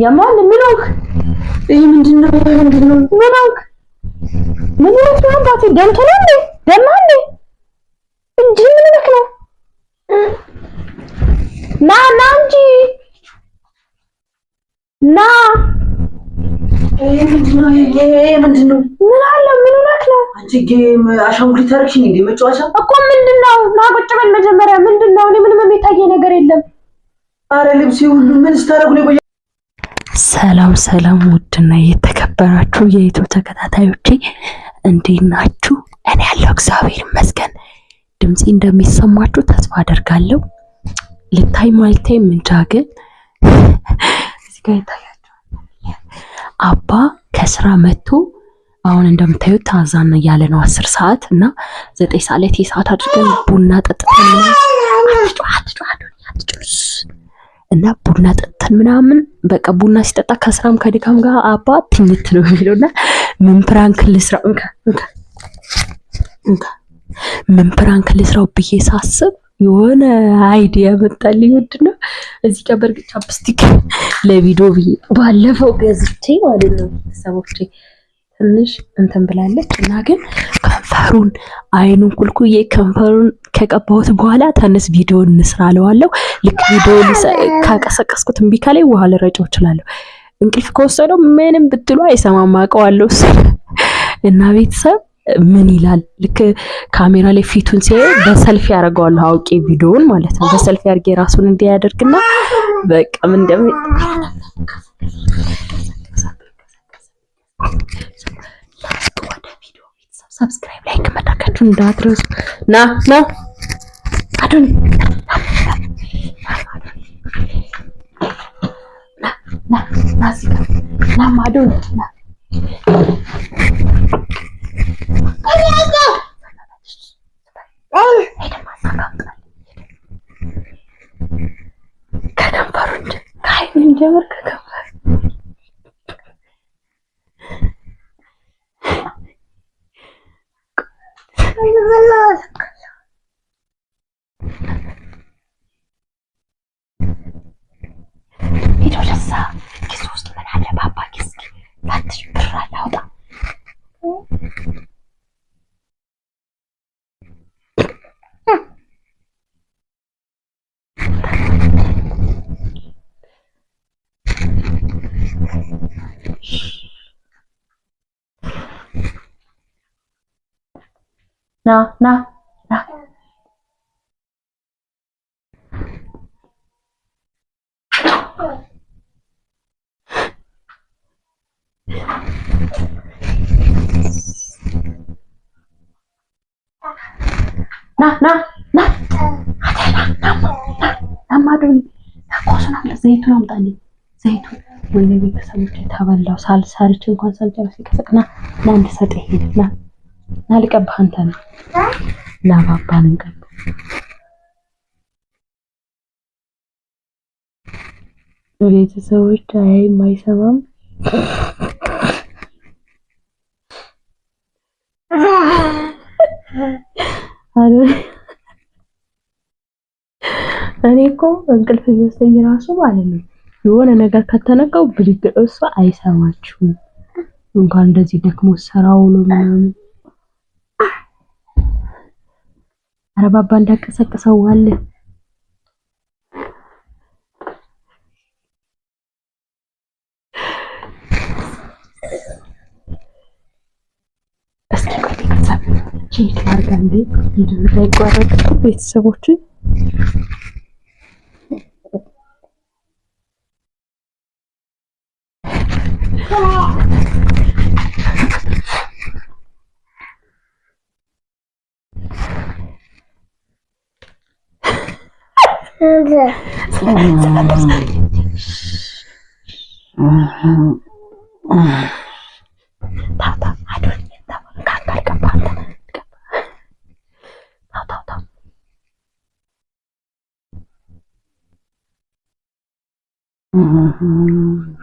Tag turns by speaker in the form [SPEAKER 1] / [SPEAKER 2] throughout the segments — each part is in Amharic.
[SPEAKER 1] ያማል ምን ሆንክ?
[SPEAKER 2] ምንድነው? ምንድን ነው?
[SPEAKER 1] ነው? አባቴ ነው እንዴ? ደማ እንዴ? እንጂ ነው? ና ና እንጂ ና።
[SPEAKER 2] ነው? ምን
[SPEAKER 1] አለ? ምን ነው?
[SPEAKER 2] አንቺ ጌም አሻንጉሊት አደረግሽኝ እንዴ? መጫወቻ
[SPEAKER 1] እኮ ምንድን ነው? ና ቁጭ በል መጀመሪያ። ምንድን ነው? እኔ ምንም የሚታየኝ ነገር የለም።
[SPEAKER 2] አረ ልብሴ ሁሉ ምን ስታደርጉ ነው?
[SPEAKER 1] ሰላም ሰላም፣ ውድና የተከበራችሁ የኢትዮ ተከታታዮቼ እንዴት ናችሁ? እኔ ያለው እግዚአብሔር ይመስገን። ድምፄ እንደሚሰማችሁ ተስፋ አደርጋለሁ። ልታይ ማልቴ ምንጃ ግን አባ ከስራ መጥቶ አሁን እንደምታዩት ታዛና እያለ ነው። አስር ሰዓት እና ዘጠኝ ሰዓት ላይ ሰዓት አድርገን ቡና ጠጥተን እና ቡና ጠጥተን ምናምን በቃ ቡና ሲጠጣ ከስራም ከድካም ጋር አባ ትኝት ነው የሚለው እና ምን ፕራንክ ልስራው እንካ እንካ እንካ ምን ፕራንክ ልስራው ብዬ ሳስብ የሆነ አይዲያ መጣልኝ። ምንድን ነው እዚህ ጋር በእርግጥ ቻፕስቲክ ለቪዲዮ ብዬ ባለፈው ገዝቼ ማለት ነው ሰቦቼ ትንሽ እንትን ብላለች እና ግን ከንፈሩን አይኑን ኩልኩዬ ከንፈሩን ከቀባሁት በኋላ ተነስ ቪዲዮ እንስራ አለዋለሁ። ልክ ቪዲዮ ካቀሰቀስኩት እምቢ ካለኝ ውሃ ልረጨው እችላለሁ። እንቅልፍ ከወሰደው ምንም ብትሉ አይሰማም፣ አውቀዋለሁ እና ቤተሰብ ምን ይላል? ልክ ካሜራ ላይ ፊቱን ሲ በሰልፊ ያደርገዋለሁ፣ አውቄ ቪዲዮውን ማለት ነው። በሰልፊ አድርጌ ራሱን እንዲያደርግና በቃ ምን እንደም ወደ ቪዲዮ ቤተሰብ ሰብስክራይብ ላይክ መዳካችሁን እንዳትረሱ። ና ና አዶኒ ና ና ና ና na, ና na. Na, na, na. ናማዶኒ ታኮሱን አምጣ፣ ዘይቱን አምጣልኝ። ዘይቱን ወይኔ ቤተሰቦች የተበላው ሳልሳልች እንኳን ሳልጨርስ ይቀሰቅና ለአንድ ሰጥ ይሄድ አልቀባህ አንተ ነው ላባባን እንቀባ ቤተሰቦች አይሰማም። እኔ እኮ እንቅልፍ ራሱ ማለት ነው የሆነ ነገር ከተነካው ብድግ አይሰማችሁም። እንኳን እንደዚህ ደክሞ ምናምን አረባባ እንዳቀሰቀሰው አለ። እስኪ ቆይ ቤተሰብ ቼክ አድርጋ እንዴ እንደምታይቋረጥ ቤተሰቦችን Tahu-tahu Tata, aduh, tata, kantar ke tata. Tau, tau, tahu Mm-hmm.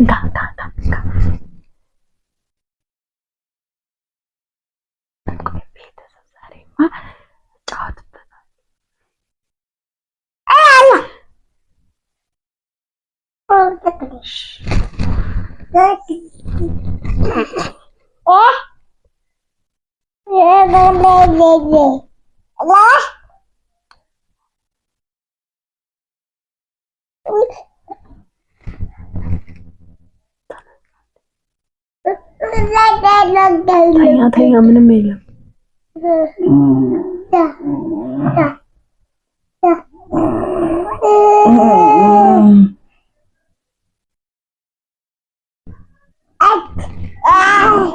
[SPEAKER 1] Да, да, да, да. ቤተሰብ ዛሬማ ጫወት Oh, yeah, yeah, yeah, yeah. 태희가 하면 매일. 아!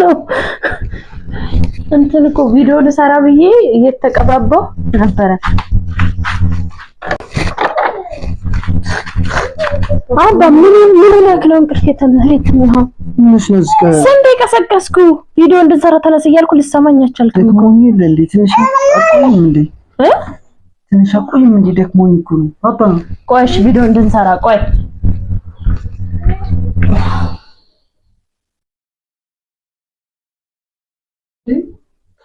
[SPEAKER 1] ነው እንትን እኮ ቪዲዮ ልሰራ ብዬ እየተቀባባው ነበረ። አባ ምን ምን ያክለው እንቅልፍ የተመሬት ነው። ምንሽ ነው ዝቀ ስንዴ ቀሰቀስኩ ቪዲዮ እንድንሰራ ተነስ እያልኩ ልሰማኝ አልቻልኩም
[SPEAKER 2] እኮ እንዴ። ትንሽ አቆይም እንዴ እ ትንሽ አቆይም እንዴ። ደክሞኝ እኮ ነው አባ።
[SPEAKER 1] ቆይሽ ቪዲዮ እንድንሰራ ቆይ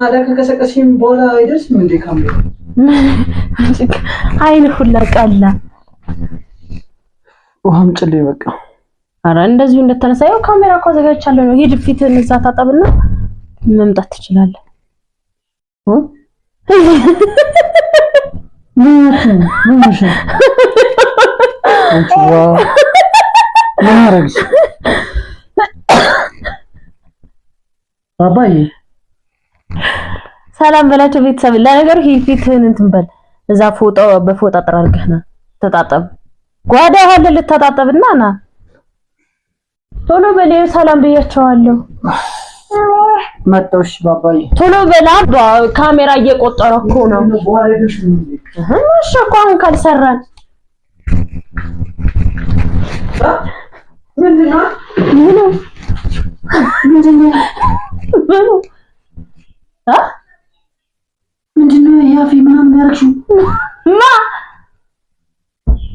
[SPEAKER 2] ታዲያ ከቀሰቀስሽኝ በኋላ አይደርስም እንዴ? ካምሮ
[SPEAKER 1] አይን ሁላ ቀላ።
[SPEAKER 2] ውሃም ጭሌ በቃ።
[SPEAKER 1] አረ እንደዚሁ እንደተነሳ ያው ካሜራ እኮ አዘጋጅቻለሁ ነው። ሂድ ፊትህን እዛ ታጠብና መምጣት ትችላለህ። አባዬ ሰላም በላቸው ቤተሰብ። ለነገሩ ፊትህን እንትን በል እዛ ፎጣ በፎጣ ጥር አድርገህ ና ተጣጠብ። ጓዳ ሆለ ልተጣጠብና ና ቶሎ በል። ሰላም ብያቸዋለሁ።
[SPEAKER 2] መጣሽ ባባዬ፣
[SPEAKER 1] ቶሎ በላ። ካሜራ እየቆጠረ እኮ ነው። እሺ እኮ አሁን ካልሰራን ምንድነው? ምንድነው? ምንድነው?
[SPEAKER 2] من جنو يا في منام دارك شو
[SPEAKER 1] ما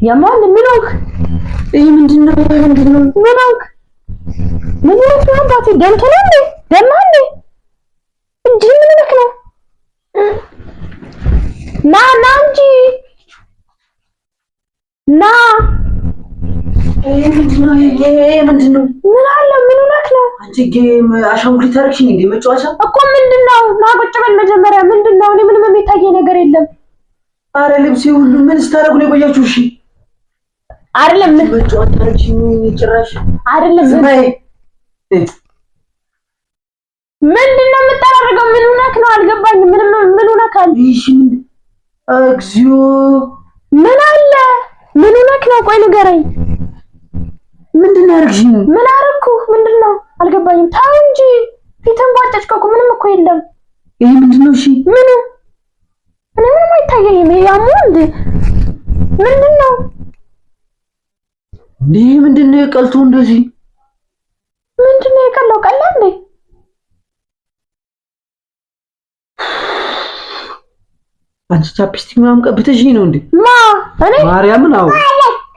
[SPEAKER 1] يا معلم منوك
[SPEAKER 2] اي من جنو من جنو منوك
[SPEAKER 1] منوك يا باتي دم تلامي دم عندي الجن منك لا نا نا نجي نا
[SPEAKER 2] ምንድን ነው?
[SPEAKER 1] ምን አለ? መጀመሪያ። ምንድን ነው? እኔ ምንም የሚታየ ነገር የለም።
[SPEAKER 2] አረ ልብሴ ሁሉ ምን ስታደርጉ ነው የቆያችሁ? እሺ አይደለም ጭራሽ።
[SPEAKER 1] ምንድን ነው የምታደርገው? ምን እውነት ነው? አልገባኝም። ምን ምን እውነት አለ?
[SPEAKER 2] እሺ እግዚኦ
[SPEAKER 1] ምን አለ? ምን እውነት ነው? ቆይ ንገረኝ ምንድን ያርግሽ? ምን አረኩ? ምንድን ነው አልገባኝም። ተው እንጂ ፊትን ባጨጭ እኮ ምንም እኮ የለም።
[SPEAKER 2] ይሄ ምንድን ነው? እሺ
[SPEAKER 1] ምኑ? እኔ ምንም አይታየኝም። ይሄ ያሙ እንዴ? ምንድን ነው
[SPEAKER 2] እንዴ? ምንድን ነው የቀልቱ? እንደዚህ
[SPEAKER 1] ምንድን ነው የቀለው? ቀላ እንዴ?
[SPEAKER 2] አንቺ ቻፕስቲክ ምናምን ቀብተሽኝ ነው እንዴ? ማ እኔ ማርያምን አዎ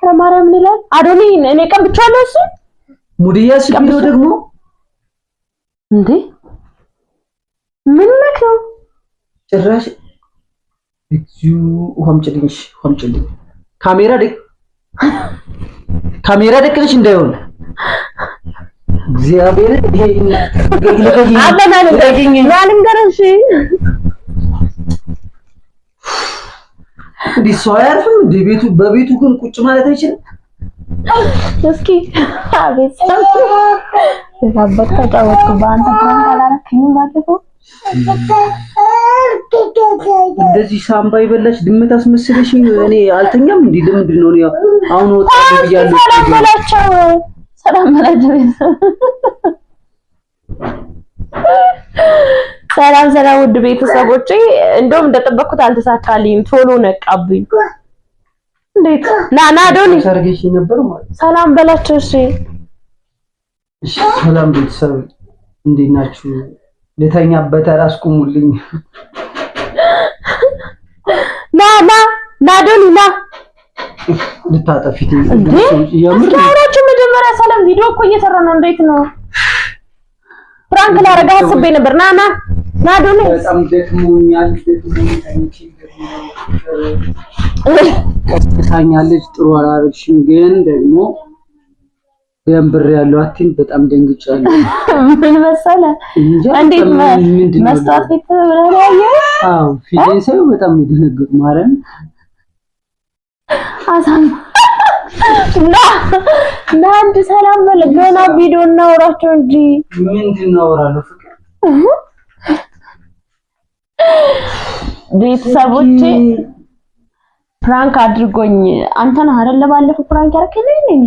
[SPEAKER 1] ከማርያም ይላል? አዶኒ እኔ ቀብቻለሁ። እሱ
[SPEAKER 2] ሙድያ ሲብሎ ደግሞ
[SPEAKER 1] እንዴ ምን ነው
[SPEAKER 2] ጭራሽ እግዚኦ ሆምጭልኝ ሆምጭልኝ ካሜራ ደግ ካሜራ ደቅነሽ እንዳይሆን እግዚአብሔር ይሄ እንዲ ሰው አያርፍም። እንዲህ ቤቱ በቤቱ ግን ቁጭ ማለት አይችልም።
[SPEAKER 1] እስኪ አቤት ተጫወትኩ።
[SPEAKER 2] እንደዚህ ሳምባ የበላች ድመት አስመስለሽ እኔ አልተኛም። እንዲህ ለምንድን ነው አሁን ወጣሁ
[SPEAKER 1] ብያለሁ። ሰላም በላቸው፣ ሰላም በላቸው ሰላም ሰላም፣ ውድ ቤተሰቦቼ፣ እንደውም እንደጠበቅኩት አልተሳካልኝም። ቶሎ ነቃብኝ። እንዴት ና ና ዶኒ ማለት ሰላም በላቸው። እሺ
[SPEAKER 2] እሺ፣ ሰላም ቤተሰብ፣ እንዴት ናችሁ? ልተኛበት አላስቁሙልኝ።
[SPEAKER 1] ና ና ና ዶኒ ና
[SPEAKER 2] ልታጠፊት እንዴ?
[SPEAKER 1] አውራችሁ መጀመሪያ ሰላም። ቪዲዮ እኮ እየሰራ ነው። እንዴት ነው? ፍራንክ ላረጋ አስቤ ነበር። ና ና በጣም
[SPEAKER 2] ደክሞኛል። ቀስቅሳኛለች። ጥሩ አላረግሽም፣ ግን ደግሞ ያንብር ያለው አቲም በጣም ደንግጫለሁ።
[SPEAKER 1] ምን መሰለ እንዴት መስታወት ቤት
[SPEAKER 2] ብለህ አዎ ፊቴን ሳይሆን በጣም ደነገጥኩ። ማረን
[SPEAKER 1] አሳም እና እና አንድ ሰላም በል ገና ቪዲዮ እናወራቸው እንጂ
[SPEAKER 2] ምንድን ነው ፍቅር
[SPEAKER 1] ቤተሰቦች ፕራንክ አድርጎኝ አንተን አይደለ ባለፈው ፕራንክ ያደረከኝ እኔ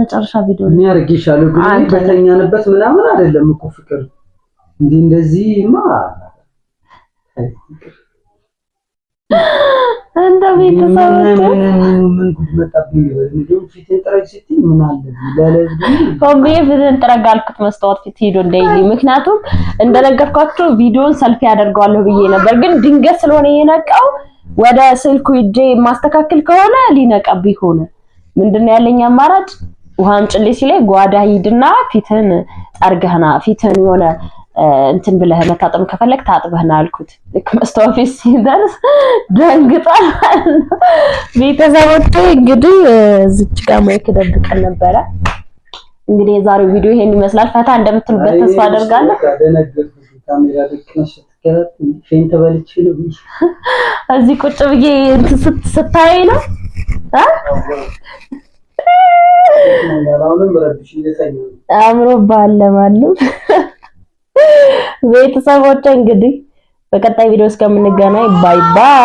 [SPEAKER 1] መጨረሻ ቪዲዮ
[SPEAKER 2] ነው ያርግሻለሁ ግን በተኛንበት ምናምን አይደለም እኮ ፍቅር እንዴ እንደዚህ ማ
[SPEAKER 1] እንደ ቤተሰብ ፊትን ጥረግ አልኩት መስታወት ፊት ሄዶ እንዳይል። ምክንያቱም እንደነገርኳቸው ቪዲዮን ሰልፊ ያደርገዋለሁ ብዬ ነበር፣ ግን ድንገት ስለሆነ የነቃው ወደ ስልኩ ሂጄ ማስተካከል ከሆነ ሊነቀብኝ ሆነ። ምንድነው ያለኝ አማራጭ ውሃን ጭሌ ሲላይ ጓዳ ሂድና ፊትን ጠርገህና ፊትን የሆነ እንትን ብለህ መታጠብ ከፈለግ ታጥበህና አልኩት። ልክ መስታወት ፊት ሲደርስ ደንግጧል። ቤተሰቦቼ እንግዲህ እዚች ጋር ማይክ ደብቀን ነበረ። እንግዲህ የዛሬው ቪዲዮ ይሄን ይመስላል። ፈታ እንደምትሉበት ተስፋ አደርጋለሁ። እዚህ ቁጭ ብዬ ስታይ ነው አምሮ ባለማንም ቤተሰቦች እንግዲህ በቀጣይ ቪዲዮ እስከምንገናኝ ባይ ባይ።